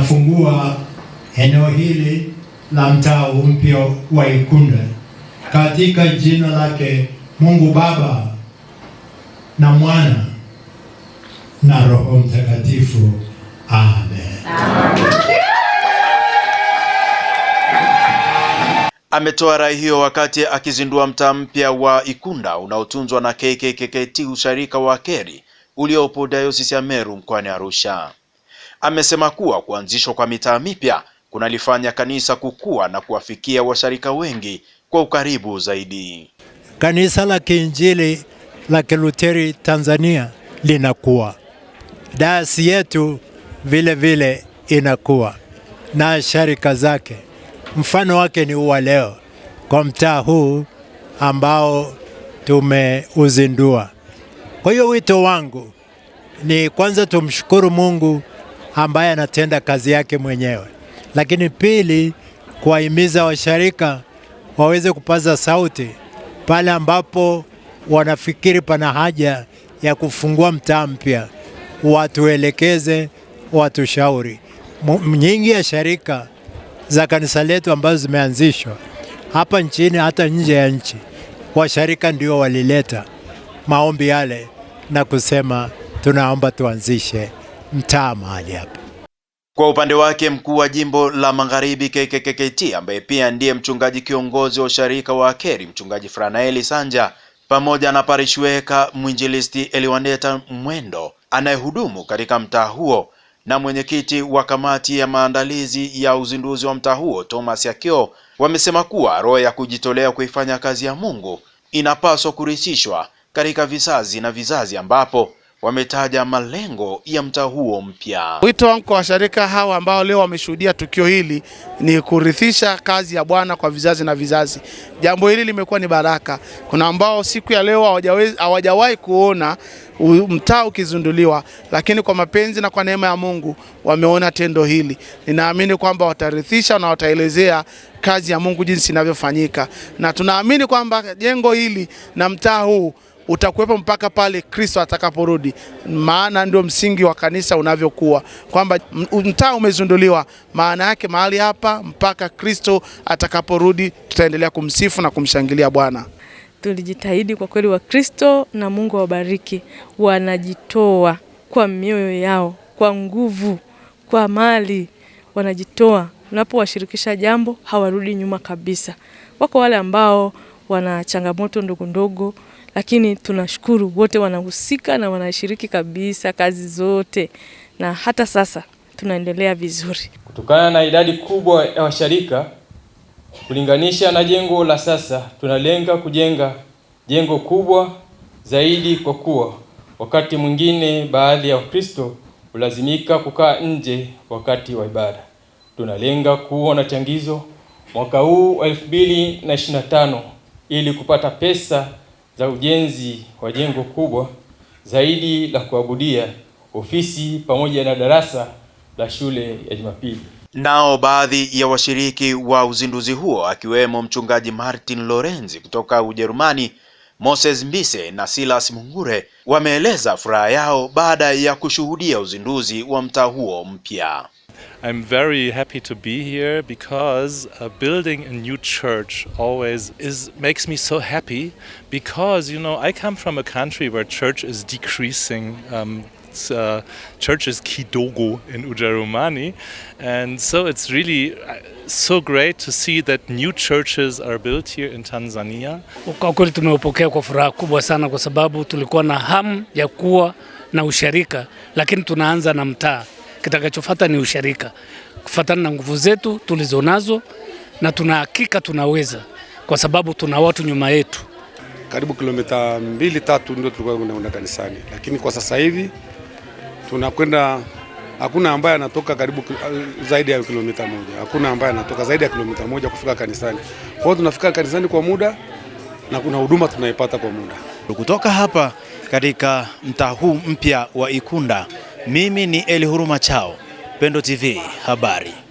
Nafungua eneo hili la mtaa mpya wa Ikunda katika jina lake Mungu Baba na Mwana na Roho Mtakatifu. Amen. Ametoa rai hiyo wakati akizindua mtaa mpya wa Ikunda unaotunzwa na KKKT usharika wa Keri uliopo Dayosisi ya Meru mkoani Arusha amesema kuwa kuanzishwa kwa mitaa mipya kunalifanya kanisa kukua na kuwafikia washirika wengi kwa ukaribu zaidi. Kanisa la Kiinjili la Kiluteri Tanzania linakuwa, dayosisi yetu vile vile inakuwa na sharika zake. Mfano wake ni huwa leo kwa mtaa huu ambao tumeuzindua. Kwa hiyo wito wangu ni kwanza tumshukuru Mungu ambaye anatenda kazi yake mwenyewe, lakini pili, kuwahimiza washirika waweze kupaza sauti pale ambapo wanafikiri pana haja ya kufungua mtaa mpya, watuelekeze, watushauri. Nyingi ya sharika za kanisa letu ambazo zimeanzishwa hapa nchini hata nje ya nchi, washarika ndio walileta maombi yale na kusema tunaomba tuanzishe mtaa mahali hapa. Kwa upande wake mkuu wa jimbo la Magharibi KKKT ambaye pia ndiye mchungaji kiongozi wa usharika wa Akeri, mchungaji Franaeli Sanja pamoja na parishweka mwinjilisti Eliwandeta Mwendo anayehudumu katika mtaa huo na mwenyekiti wa kamati ya maandalizi ya uzinduzi wa mtaa huo Thomas Yakio wamesema kuwa roho ya kujitolea kuifanya kazi ya Mungu inapaswa kurithishwa katika vizazi na vizazi, ambapo wametaja malengo ya mtaa huo mpya. Wito wangu kwa washirika hawa ambao leo wameshuhudia tukio hili ni kurithisha kazi ya Bwana kwa vizazi na vizazi. Jambo hili limekuwa ni baraka. Kuna ambao siku ya leo hawajawahi kuona mtaa ukizunduliwa lakini kwa mapenzi na kwa neema ya Mungu wameona tendo hili. Ninaamini kwamba watarithisha na wataelezea kazi ya Mungu jinsi inavyofanyika, na tunaamini kwamba jengo hili na mtaa huu utakuwepo mpaka pale Kristo atakaporudi, maana ndio msingi wa kanisa unavyokuwa, kwamba mtaa umezunduliwa, maana yake mahali hapa mpaka Kristo atakaporudi tutaendelea kumsifu na kumshangilia Bwana. Tulijitahidi kwa kweli, Wakristo na Mungu awabariki, wanajitoa kwa mioyo yao, kwa nguvu, kwa mali, wanajitoa. Unapowashirikisha jambo hawarudi nyuma kabisa. Wako wale ambao wana changamoto ndogo ndogo lakini tunashukuru wote wanahusika na wanashiriki kabisa kazi zote, na hata sasa tunaendelea vizuri. Kutokana na idadi kubwa ya washirika kulinganisha na jengo la sasa, tunalenga kujenga jengo kubwa zaidi, kwa kuwa wakati mwingine baadhi ya Wakristo hulazimika kukaa nje wakati wa ibada. Tunalenga kuwa na changizo mwaka huu 2025 ili kupata pesa za ujenzi wa jengo kubwa zaidi la kuabudia, ofisi pamoja na darasa la shule ya Jumapili. Nao baadhi ya washiriki wa uzinduzi huo akiwemo mchungaji Martin Lorenzi kutoka Ujerumani, Moses Mbise na Silas Mungure wameeleza furaha yao baada ya kushuhudia uzinduzi wa mtaa huo mpya. I'm very happy to be here because uh, building a new church always is makes me so happy because you know I come from a country where church is decreasing. Um, uh, church is Kidogo in Ujarumani, and so it's really uh, so great to see that new churches are built here in Tanzania. Kwa kweli tumeupokea kwa furaha kubwa sana, kwa sababu tulikuwa na hamu ya kuwa na usharika, lakini tunaanza na mtaa kitakachofuata ni ushirika, kufuatana na nguvu zetu tulizonazo, na tuna hakika tunaweza, kwa sababu tuna watu nyuma yetu. Karibu kilomita mbili tatu ndio tulikuwa tunaenda kanisani, lakini kwa sasa hivi tunakwenda hakuna ambaye anatoka karibu uh, zaidi ya kilomita moja. Hakuna ambaye anatoka zaidi ya kilomita moja kufika kanisani. Kwa hiyo tunafika kanisani kwa muda na kuna huduma tunaipata kwa muda. Kutoka hapa katika mtaa huu mpya wa Ikunda mimi ni Eli Huruma Chao, Pendo TV habari.